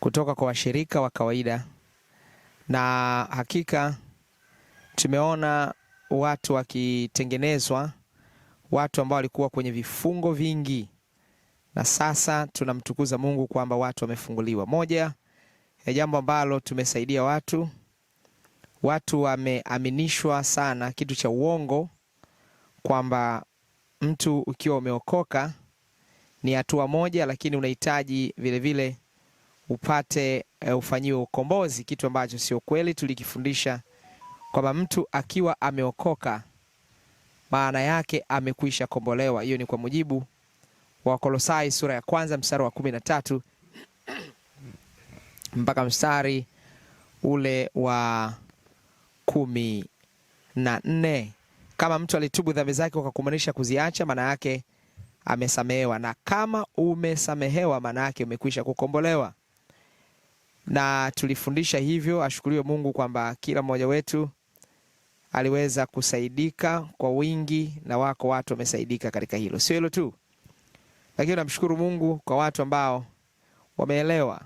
kutoka kwa washirika wa kawaida, na hakika tumeona watu wakitengenezwa, watu ambao walikuwa kwenye vifungo vingi, na sasa tunamtukuza Mungu kwamba watu wamefunguliwa. Moja ya jambo ambalo tumesaidia watu, watu wameaminishwa sana kitu cha uongo kwamba mtu ukiwa umeokoka ni hatua moja, lakini unahitaji vilevile upate uh, ufanyiwe ukombozi, kitu ambacho sio kweli. Tulikifundisha kwamba mtu akiwa ameokoka maana yake amekwisha kombolewa. Hiyo ni kwa mujibu wa Kolosai sura ya kwanza mstari wa kumi na tatu mpaka mstari ule wa kumi na nne. Kama mtu alitubu dhambi zake kwa kukumanisha kuziacha, maana yake amesamehewa, na kama umesamehewa, maana yake umekwisha kukombolewa na tulifundisha hivyo. Ashukuriwe Mungu kwamba kila mmoja wetu aliweza kusaidika kwa wingi, na wako watu wamesaidika katika hilo. Sio hilo tu, lakini namshukuru Mungu kwa watu ambao wameelewa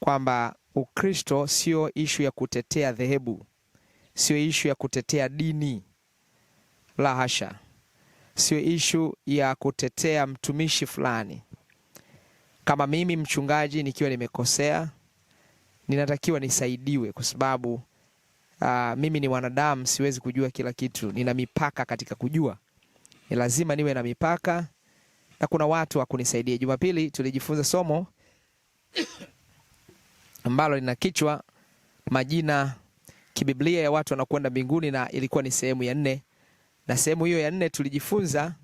kwamba Ukristo sio ishu ya kutetea dhehebu, sio ishu ya kutetea dini, la hasha, sio ishu ya kutetea mtumishi fulani. Kama mimi mchungaji nikiwa nimekosea ninatakiwa nisaidiwe kwa sababu uh, mimi ni mwanadamu, siwezi kujua kila kitu. Nina mipaka katika kujua, ni lazima niwe na mipaka, na kuna watu wa kunisaidia. Jumapili tulijifunza somo ambalo lina kichwa majina kibiblia ya watu wanaokwenda mbinguni, na ilikuwa ni sehemu ya nne, na sehemu hiyo ya nne tulijifunza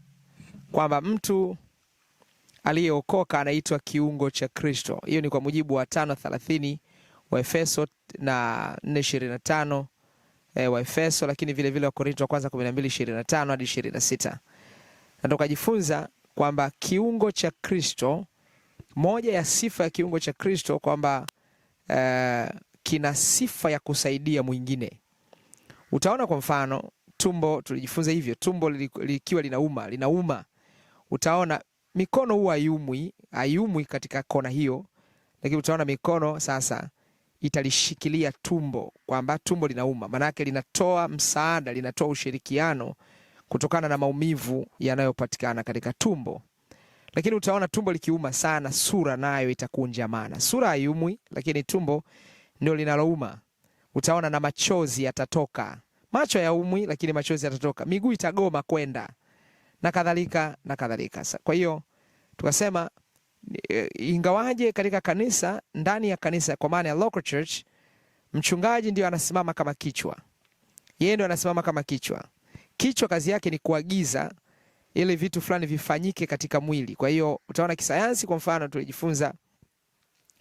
kwamba mtu aliyeokoka anaitwa kiungo cha Kristo. Hiyo ni kwa mujibu wa tano thelathini Waefeso na 4:25 e, Waefeso lakini vile vile Wakorintho wa kwanza 12:25 hadi 26. Na tukajifunza kwamba kiungo cha Kristo, moja ya sifa ya kiungo cha Kristo kwamba eh, kina sifa ya kusaidia mwingine. Utaona kwa mfano tumbo, tulijifunza hivyo, tumbo likiwa linauma, linauma, utaona mikono huwa haiumwi, haiumwi katika kona hiyo, lakini utaona mikono sasa italishikilia tumbo kwamba tumbo linauma, maanake linatoa msaada, linatoa ushirikiano kutokana na maumivu yanayopatikana katika tumbo. Lakini utaona tumbo likiuma sana, sura nayo itakunjamana. Sura haiumwi, lakini tumbo ndio linalouma. Utaona na machozi yatatoka. Macho yaumwi, lakini machozi yatatoka. Miguu itagoma kwenda na kadhalika na kadhalika. Kwa hiyo tukasema Eh, ingawaje katika kanisa, ndani ya kanisa, kwa maana ya local church, mchungaji ndio anasimama kama kichwa. Yeye ndio anasimama kama kichwa. Kichwa kazi yake ni kuagiza ili vitu fulani vifanyike katika mwili. Kwa hiyo utaona kisayansi, kwa mfano tulijifunza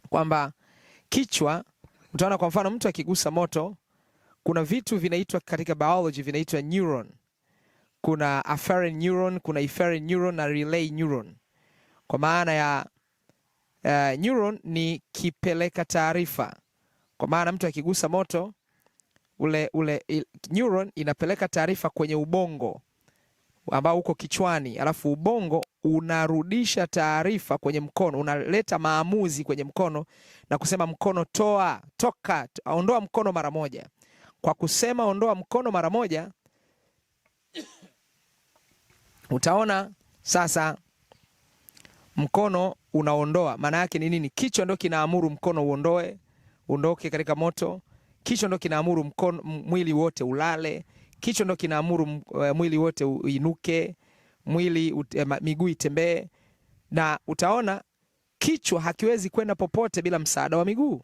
kwamba kichwa, utaona kwa mfano mtu akigusa moto, kuna vitu vinaitwa katika biology vinaitwa neuron. Kuna afferent neuron, kuna efferent neuron na relay neuron, kwa maana ya Uh, neuron ni kipeleka taarifa, kwa maana mtu akigusa moto ule, ule il, neuron inapeleka taarifa kwenye ubongo ambao uko kichwani, alafu ubongo unarudisha taarifa kwenye mkono, unaleta maamuzi kwenye mkono na kusema mkono toa, toka, ondoa mkono mara moja. Kwa kusema ondoa mkono mara moja, utaona sasa mkono unaondoa. Maana yake ni nini? Kichwa ndio kinaamuru mkono uondoe, uondoke katika moto. Kichwa ndio kinaamuru mkono, mwili wote ulale. Kichwa ndio kinaamuru eh, mwili wote uinuke, mwili eh, miguu itembee. Na utaona kichwa hakiwezi kwenda popote bila msaada wa miguu.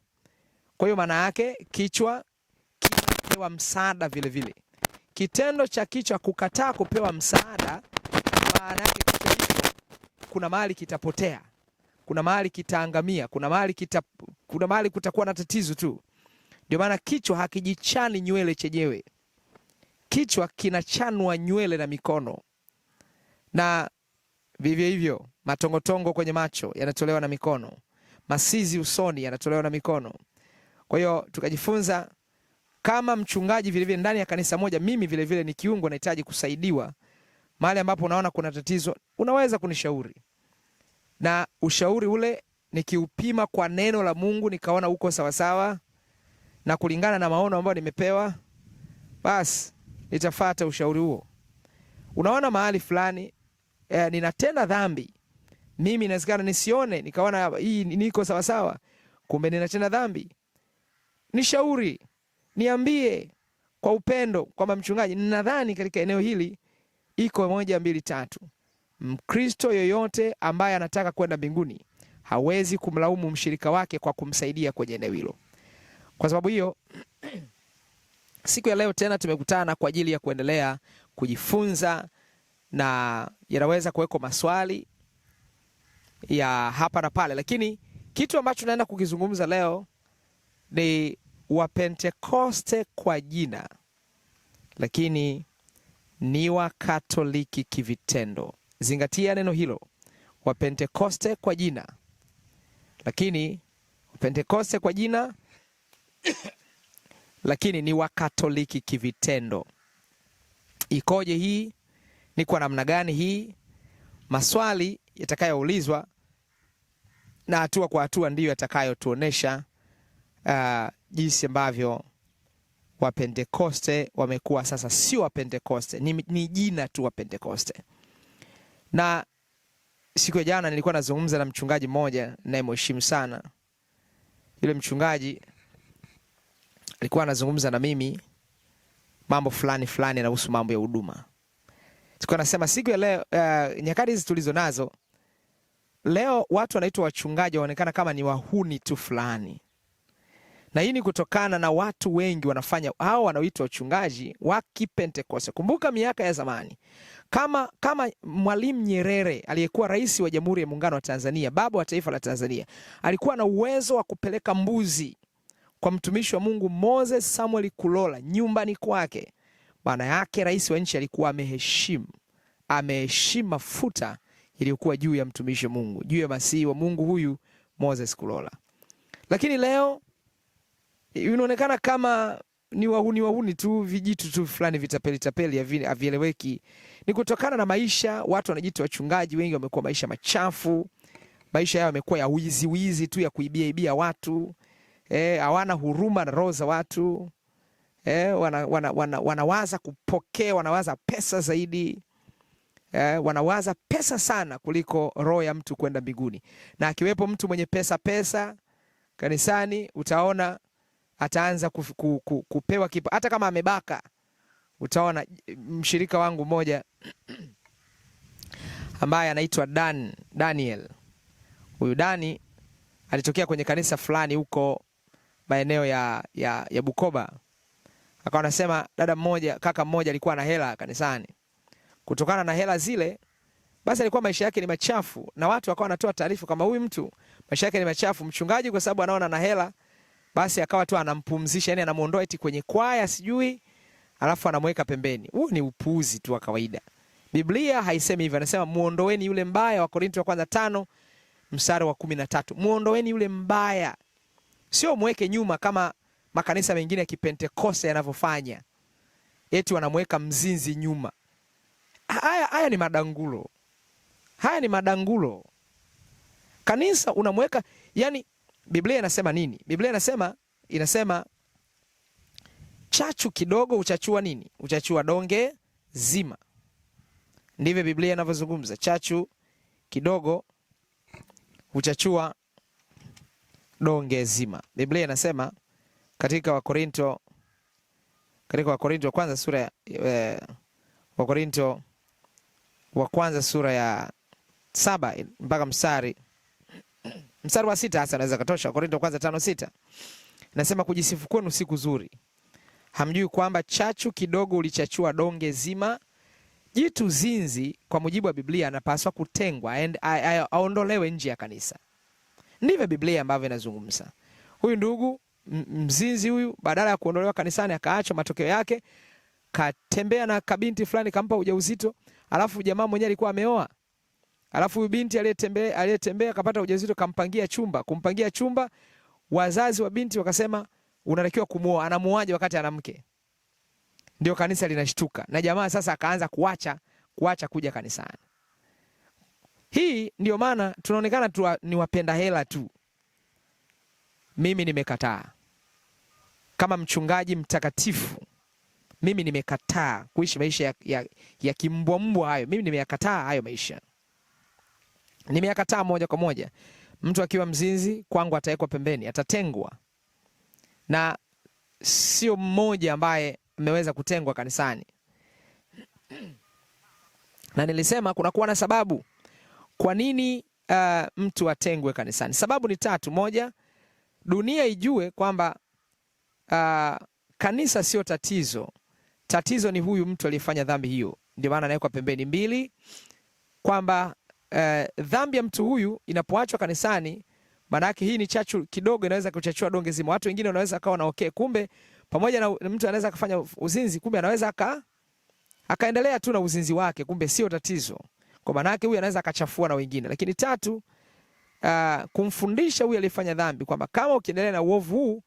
Kwa hiyo maana yake kichwa kinapewa msaada vile vile. Kitendo cha kichwa kukataa kupewa msaada maana yake kuna mahali kitapotea, kuna mahali kitaangamia, kuna mahali kita, kuna mahali kutakuwa na tatizo tu. Ndio maana kichwa hakijichani nywele chenyewe, kichwa kinachanwa nywele na mikono, na vivyo hivyo matongotongo kwenye macho yanatolewa na mikono, masizi usoni yanatolewa na mikono. Kwa hiyo tukajifunza kama mchungaji vilevile ndani ya kanisa moja, mimi vilevile ni kiungo, nahitaji kusaidiwa mahali ambapo unaona kuna tatizo, unaweza kunishauri na ushauri ule nikiupima kwa neno la Mungu nikaona uko sawasawa na kulingana na maono ambayo nimepewa, basi nitafata ushauri huo. Unaona mahali fulani eh, ninatenda dhambi mimi, inawezekana nisione, nikaona hii niko sawasawa, kumbe ninatenda dhambi. Nishauri, niambie kwa upendo kwamba mchungaji, ninadhani katika eneo hili iko moja mbili tatu. Mkristo yoyote ambaye anataka kwenda mbinguni hawezi kumlaumu mshirika wake kwa kumsaidia kwenye eneo hilo. Kwa sababu hiyo, siku ya leo tena tumekutana kwa ajili ya kuendelea kujifunza, na yanaweza kuwekwa maswali ya hapa na pale, lakini kitu ambacho naenda kukizungumza leo ni Wapentekoste kwa jina, lakini ni Wakatoliki kivitendo. Zingatia neno hilo, Wapentekoste kwa jina, lakini Wapentekoste kwa jina lakini ni Wakatoliki kivitendo. Ikoje hii? Ni kwa namna gani hii? Maswali yatakayoulizwa na hatua kwa hatua ndiyo yatakayotuonesha uh, jinsi ambavyo Wapentekoste wamekuwa sasa sio Wapentekoste, ni, ni jina tu Wapentekoste. Na siku ya jana nilikuwa nazungumza na mchungaji mmoja nayemheshimu sana. Yule mchungaji alikuwa anazungumza na mimi mambo fulani fulani yanahusu mambo ya huduma. Sikuwa nasema siku ya leo, uh, nyakati hizi tulizo nazo leo, watu wanaitwa wachungaji waonekana kama ni wahuni tu fulani na hii ni kutokana na watu wengi wanafanya hao wanaoitwa wachungaji wa Kipentekoste. Kumbuka miaka ya zamani, kama kama Mwalimu Nyerere aliyekuwa rais wa Jamhuri ya Muungano wa Tanzania, baba wa taifa la Tanzania, alikuwa na uwezo wa kupeleka mbuzi kwa mtumishi wa Mungu Moses Samuel Kulola nyumbani kwake. Maana yake rais wa nchi alikuwa ameheshimu ameheshimu mafuta iliyokuwa juu ya mtumishi wa Mungu, juu ya masihi wa Mungu huyu Moses Kulola. Lakini leo inaonekana kama ni wahuni wahuni tu, vijitu tu fulani vitapeli tapeli, havieleweki. Ni kutokana na maisha, watu wanajiita wachungaji, wengi wamekuwa maisha machafu, maisha yao yamekuwa ya wizi wizi tu, ya kuibia ibia watu, eh, hawana eh, huruma na roho za watu eh, wana, wana, wana, wanawaza kupokea, wanawaza pesa zaidi eh, wanawaza pesa sana kuliko roho ya mtu kwenda mbinguni. Na akiwepo mtu mwenye pesa pesa kanisani utaona ataanza ku, ku, kupewa kipa hata kama amebaka. Utaona mshirika wangu mmoja ambaye anaitwa Dan Daniel, huyu Dani alitokea kwenye kanisa fulani huko maeneo ya, ya, ya Bukoba, akawa anasema dada mmoja kaka mmoja alikuwa na hela kanisani. Kutokana na hela zile, basi alikuwa maisha yake ni machafu, na watu wakawa wanatoa taarifa kama huyu mtu maisha yake ni machafu, mchungaji kwa sababu anaona na hela basi akawa tu anampumzisha, yani anamuondoa eti kwenye kwaya sijui, alafu anamweka pembeni. Huo ni upuuzi tu wa kawaida. Biblia haisemi hivyo, anasema muondoeni yule mbaya, wa Korinto wa kwanza tano mstari wa kumi na tatu. Muondoeni yule mbaya, sio mweke nyuma kama makanisa mengine ya Kipentekoste yanavyofanya, eti wanamweka mzinzi nyuma. Haya haya ni madangulo, haya ni madangulo. Kanisa unamweka yani Biblia inasema nini? Biblia inasema inasema chachu kidogo uchachua nini? Uchachua donge zima. Ndivyo Biblia inavyozungumza, chachu kidogo uchachua donge zima. Biblia inasema katika Wakorinto, katika Wakorinto wa kwanza sura ya eh, Wakorinto wa kwanza sura ya saba mpaka mstari Mstari wa sita hasa naweza katosha. Korinto kwanza tano sita nasema kujisifu kwenu si kuzuri, hamjui kwamba chachu kidogo ulichachua donge zima? Jitu zinzi kwa mujibu wa Biblia anapaswa kutengwa and aondolewe nje ya kanisa. Ndivyo Biblia ambavyo inazungumza. Huyu ndugu mzinzi huyu, badala ya kuondolewa kanisani, akaachwa. Matokeo yake katembea na kabinti fulani, kampa ujauzito, alafu jamaa mwenyewe alikuwa ameoa Alafu huyu binti aliyetembea aliyetembea akapata ujauzito kampangia chumba, kumpangia chumba, wazazi wa binti wakasema unatakiwa kumuoa, anamuaje wakati ana mke? Ndio kanisa linashtuka. Na jamaa sasa akaanza kuacha kuacha kuja kanisani. Hii ndio maana tunaonekana tu ni wapenda hela tu. Mimi nimekataa. Kama mchungaji mtakatifu mimi nimekataa kuishi maisha ya, ya, ya kimbwa mbwa hayo. Mimi nimeyakataa hayo maisha. Nimeyakataa moja kwa moja. Mtu akiwa mzinzi kwangu atawekwa pembeni, atatengwa, na sio mmoja ambaye ameweza kutengwa kanisani. Na nilisema kunakuwa na sababu kwa nini uh, mtu atengwe kanisani. Sababu ni tatu. Moja, dunia ijue kwamba uh, kanisa sio tatizo, tatizo ni huyu mtu aliyefanya dhambi hiyo, ndio maana anawekwa pembeni. Mbili, kwamba eh, dhambi ya mtu huyu inapoachwa kanisani, maanake hii ni chachu kidogo, inaweza kuchachua donge zima. Watu wengine wanaweza akawa na okay, kumbe pamoja na mtu anaweza akafanya uzinzi, kumbe anaweza aka akaendelea tu na uzinzi wake, kumbe sio tatizo. Kwa maana yake huyu anaweza akachafua na wengine. Lakini tatu, uh, kumfundisha huyu aliyefanya dhambi kwamba kama ukiendelea na uovu huu,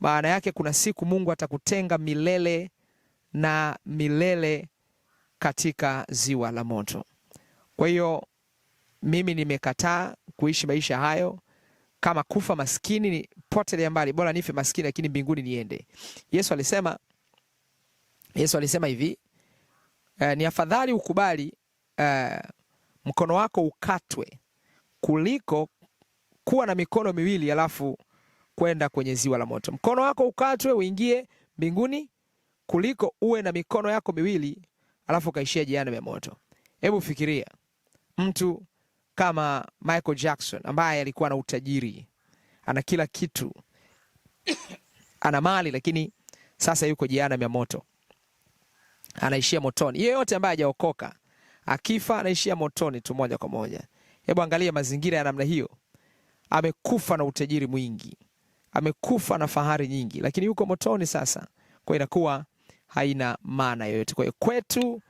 maana yake kuna siku Mungu atakutenga milele na milele katika ziwa la moto. Kwa hiyo mimi nimekataa kuishi maisha hayo, kama kufa maskini ni potelea mbali, bora nife maskini lakini mbinguni niende. Yesu alisema, Yesu alisema hivi e, ni afadhali ukubali e, mkono wako ukatwe kuliko kuwa na mikono miwili alafu kwenda kwenye ziwa la moto. Mkono wako ukatwe uingie mbinguni kuliko uwe na mikono yako miwili alafu ukaishia jehanamu ya moto. Hebu fikiria mtu kama Michael Jackson ambaye alikuwa na utajiri, ana kila kitu, ana mali, lakini sasa yuko jiana ya moto, anaishia motoni. Yeyote ambaye hajaokoka akifa anaishia motoni tu moja kwa moja. Hebu angalia mazingira ya namna hiyo. Amekufa na utajiri mwingi, amekufa na fahari nyingi, lakini yuko motoni sasa, kwa inakuwa haina maana yoyote. Kwa hiyo kwetu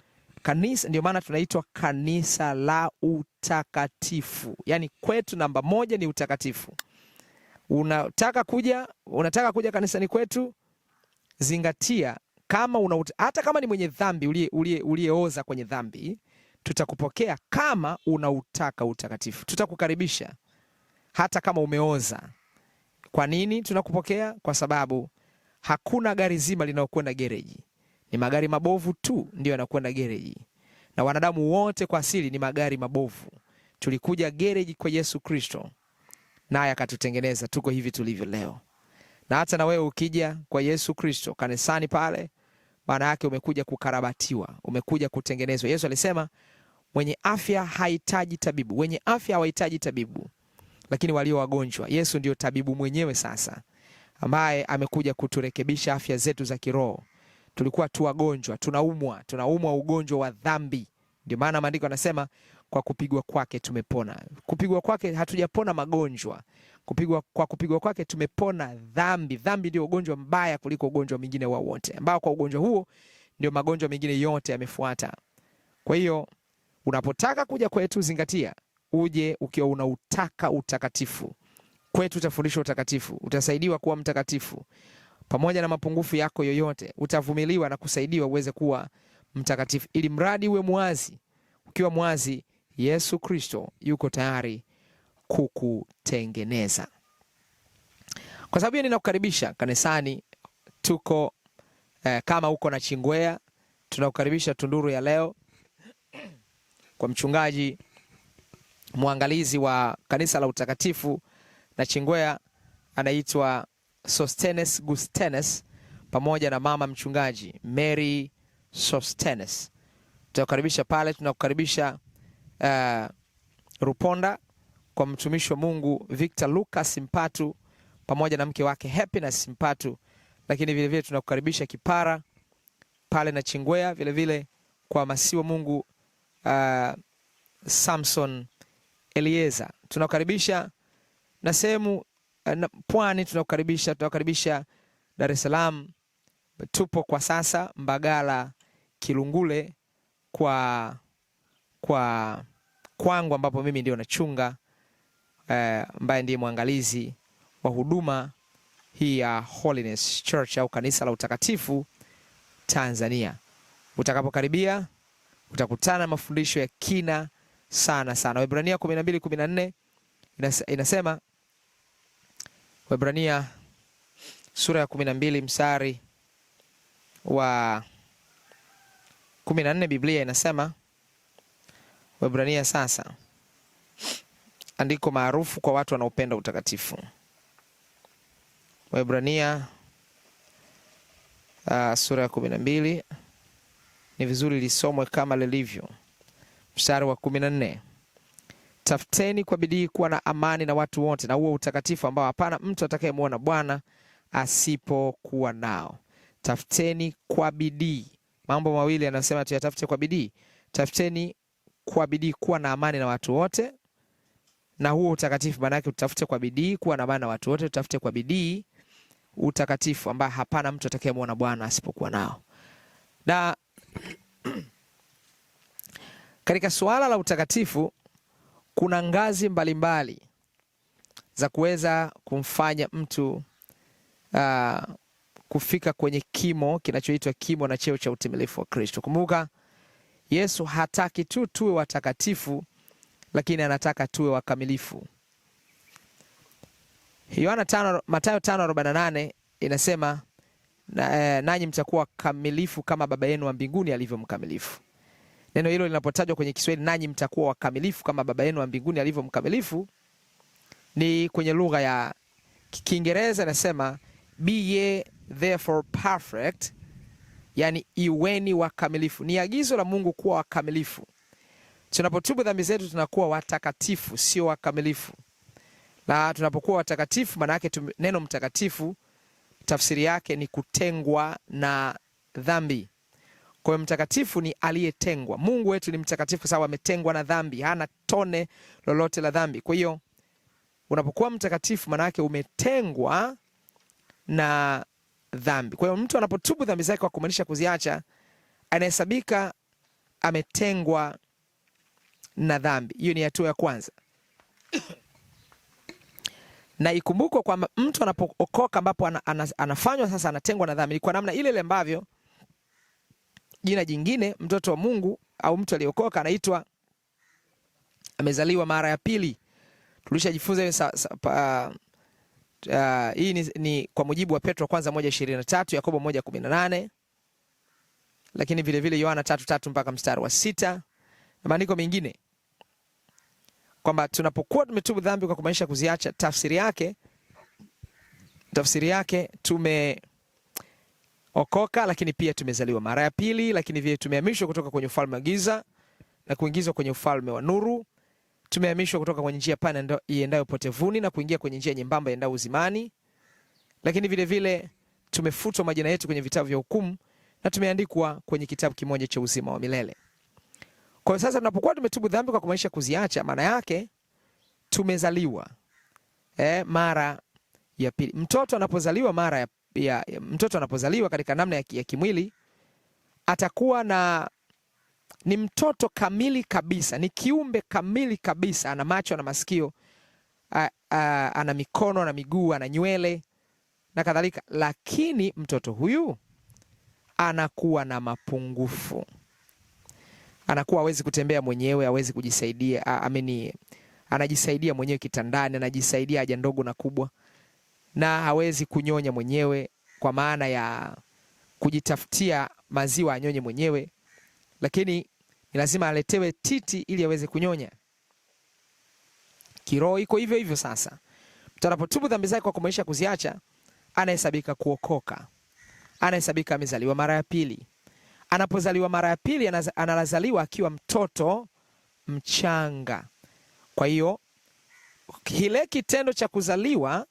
Kanisa ndio maana tunaitwa kanisa la utakatifu, yaani kwetu namba moja ni utakatifu. Unataka kuja, unataka kuja kanisani kwetu, zingatia kama una, hata kama ni mwenye dhambi uliyeoza kwenye dhambi, tutakupokea kama unautaka utakatifu, tutakukaribisha hata kama umeoza. Kwa nini tunakupokea? Kwa sababu hakuna gari zima linalokwenda gereji. Ni magari mabovu tu ndio yanakwenda gereji, na wanadamu wote kwa asili ni magari mabovu. Tulikuja gereji kwa Yesu Kristo, naye akatutengeneza tuko hivi tulivyo leo. Na hata na wewe ukija kwa Yesu Kristo kanisani pale, maana yake umekuja kukarabatiwa, umekuja kutengenezwa. Yesu alisema mwenye afya hahitaji tabibu, wenye afya hawahitaji tabibu, lakini walio wagonjwa. Yesu ndio tabibu mwenyewe sasa, ambaye amekuja kuturekebisha afya zetu za kiroho tulikuwa tu wagonjwa, tunaumwa, tunaumwa ugonjwa wa dhambi. Ndio maana maandiko anasema kwa kupigwa kwake tumepona. Kupigwa kwake hatujapona magonjwa. Kupigwa, kwa kupigwa kwake tumepona dhambi. Dhambi ndio ugonjwa mbaya kuliko ugonjwa mwingine wowote, ambao kwa ugonjwa huo ndio magonjwa mengine yote yamefuata. Kwa hiyo unapotaka kuja kwetu, zingatia uje ukiwa unautaka utakatifu. Kwetu utafundishwa utakatifu, utasaidiwa kuwa mtakatifu pamoja na mapungufu yako yoyote, utavumiliwa na kusaidiwa uweze kuwa mtakatifu, ili mradi uwe mwazi. Ukiwa mwazi, Yesu Kristo yuko tayari kukutengeneza. Kwa sababu hiyo, ninakukaribisha kanisani. Tuko eh, kama uko na Chingwea, tunakukaribisha Tunduru ya leo kwa mchungaji mwangalizi wa kanisa la utakatifu na Chingwea anaitwa Sostenes Gustenes pamoja na mama mchungaji Mary Sostenes. Tutakukaribisha pale, tunakukaribisha uh, Ruponda kwa mtumishi wa Mungu Victor Lucas Mpatu pamoja na mke wake Happiness Mpatu, lakini vile vile tunakukaribisha Kipara pale na Chingwea vile vile kwa masiwa Mungu uh, Samson Elieza tunakukaribisha na sehemu Eh, pwani tunakukaribisha, tunakaribisha Dar es Salaam. Tupo kwa sasa Mbagala Kilungule kwa kwa kwangu ambapo mimi ndio nachunga eh, ambaye, eh, ndiye mwangalizi wa huduma hii ya Holiness Church au kanisa la utakatifu Tanzania. Utakapokaribia utakutana na mafundisho ya kina sana sana. Waebrania 12:14 inasema Waebrania sura ya kumi na mbili mstari wa kumi na nne Biblia inasema, Waebrania sasa, andiko maarufu kwa watu wanaopenda utakatifu. Waebrania uh, sura ya kumi na mbili ni vizuri lisomwe kama lilivyo, mstari wa kumi na nne. Tafuteni kwa bidii kuwa na amani na watu wote, na huo utakatifu ambao hapana mtu atakayemwona Bwana asipokuwa nao. Tafuteni kwa bidii. Mambo mawili yanasema tuyatafute kwa bidii. Tafuteni kwa bidii kuwa na amani na watu wote, na huo utakatifu. Maana yake tutafute kwa bidii kuwa na amani na watu wote, tutafute kwa bidii utakatifu ambao hapana mtu atakayemwona Bwana asipokuwa nao. Na katika suala la utakatifu kuna ngazi mbalimbali mbali za kuweza kumfanya mtu uh, kufika kwenye kimo kinachoitwa kimo na cheo cha utimilifu wa Kristo. Kumbuka Yesu hataki tu tuwe watakatifu, lakini anataka tuwe wakamilifu. Yohana tano, Mathayo 5:48 inasema na, eh, nanyi mtakuwa kamilifu kama Baba yenu wa mbinguni alivyo mkamilifu. Neno hilo linapotajwa kwenye Kiswahili, nanyi mtakuwa wakamilifu kama baba yenu wa mbinguni alivyo mkamilifu, ni kwenye lugha ya Kiingereza inasema be ye therefore perfect, yani iweni wakamilifu. Ni agizo la Mungu kuwa wakamilifu. Tunapotubu dhambi zetu tunakuwa watakatifu, sio wakamilifu. Na tunapokuwa watakatifu, maana yake neno mtakatifu tafsiri yake ni kutengwa na dhambi. Kwa hiyo mtakatifu ni aliyetengwa. Mungu wetu ni mtakatifu, sawa, ametengwa na dhambi, hana tone lolote la dhambi. Kwa hiyo unapokuwa mtakatifu, maana yake umetengwa na dhambi. Kwa hiyo mtu anapotubu dhambi zake kwa kumaanisha kuziacha, anahesabika ametengwa na dhambi. Hiyo ni hatua ya kwanza. na ikumbukwe kwamba mtu anapookoka, ambapo ana, ana, anafanywa sasa, anatengwa na dhambi, ni kwa namna ile ile ambavyo jina jingine mtoto wa Mungu au mtu aliyokoka anaitwa amezaliwa mara ya pili. Tulishajifunza uh, hii ni, ni kwa mujibu wa Petro kwanza moja ishirini na tatu Yakobo moja kumi na nane lakini vilevile Yohana tatu tatu mpaka mstari wa sita na maandiko mengine kwamba tunapokuwa tumetubu dhambi kwa kumaanisha kuziacha, tafsiri yake tafsiri yake tume okoka, lakini pia tumezaliwa mara ya pili, lakini vile tumehamishwa kutoka kwenye ufalme wa giza na kuingizwa kwenye ufalme wa nuru. Tumehamishwa kutoka kwenye njia pana iendayo potevuni na kuingia kwenye njia nyembamba iendayo uzimani. Lakini vile vile tumefutwa majina yetu kwenye vitabu vya hukumu na tumeandikwa kwenye kitabu kimoja cha uzima wa milele. Kwa hiyo sasa tunapokuwa tumetubu dhambi kwa kumaanisha kuziacha, maana yake tumezaliwa eh, mara ya pili. Mtoto anapozaliwa mara ya ya, ya mtoto anapozaliwa katika namna ya, ya kimwili atakuwa na ni mtoto kamili kabisa, ni kiumbe kamili kabisa. Ana macho, ana masikio, a, a, ana mikono, ana miguu, ana nywele na kadhalika, lakini mtoto huyu anakuwa na mapungufu, anakuwa hawezi kutembea mwenyewe, hawezi kujisaidia, amini, anajisaidia mwenyewe kitandani, anajisaidia haja ndogo na kubwa na hawezi kunyonya mwenyewe kwa maana ya kujitafutia maziwa anyonye mwenyewe, lakini ni lazima aletewe titi ili aweze kunyonya. Kiroho iko hivyo hivyo. Sasa mtu anapotubu dhambi zake kwa kumaisha kuziacha, anahesabika kuokoka, anahesabika amezaliwa mara ya pili. Anapozaliwa mara ya pili, analazaliwa akiwa mtoto mchanga. Kwa hiyo kile kitendo cha kuzaliwa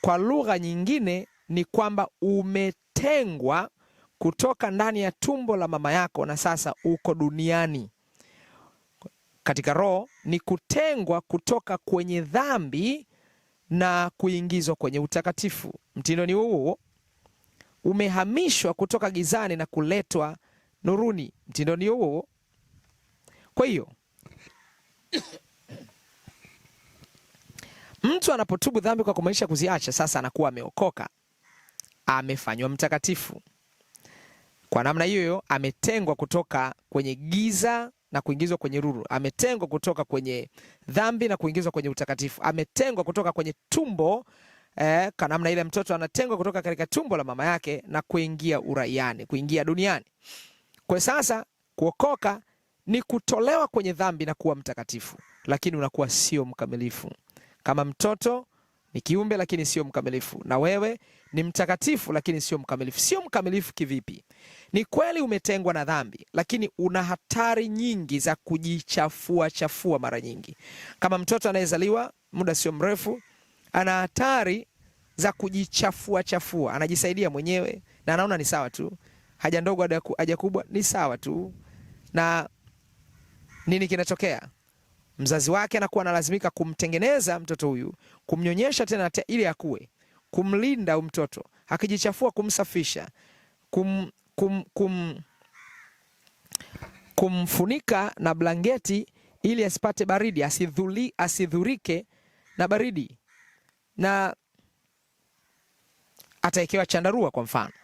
kwa lugha nyingine ni kwamba umetengwa kutoka ndani ya tumbo la mama yako na sasa uko duniani. Katika roho ni kutengwa kutoka kwenye dhambi na kuingizwa kwenye utakatifu. Mtindo ni huo, umehamishwa kutoka gizani na kuletwa nuruni. Mtindo ni huo. Kwa hiyo Mtu anapotubu dhambi kwa kumaanisha kuziacha, sasa anakuwa ameokoka, amefanywa mtakatifu. Kwa namna hiyo, ametengwa kutoka kwenye giza na kuingizwa kwenye ruru, ametengwa kutoka kwenye dhambi na kuingizwa kwenye utakatifu, ametengwa kutoka kwenye tumbo eh, kwa namna ile mtoto anatengwa kutoka katika tumbo la mama yake na kuingia uraiani, kuingia duniani. Kwa sasa kuokoka ni kutolewa kwenye dhambi na kuwa mtakatifu, lakini unakuwa sio mkamilifu. Kama mtoto ni kiumbe lakini sio mkamilifu, na wewe ni mtakatifu lakini sio mkamilifu. Sio mkamilifu kivipi? Ni kweli umetengwa na dhambi, lakini una hatari nyingi za kujichafua chafua mara nyingi. Kama mtoto anayezaliwa muda sio mrefu, ana hatari za kujichafua chafua, anajisaidia mwenyewe na anaona ni sawa tu, haja ndogo haja kubwa ni sawa tu. Na nini kinatokea? mzazi wake anakuwa analazimika kumtengeneza mtoto huyu, kumnyonyesha tena ili akue, kumlinda huyu mtoto akijichafua, kumsafisha, kum, kum, kum, kumfunika na blanketi ili asipate baridi, asidhuli, asidhurike na baridi, na atawekewa chandarua kwa mfano.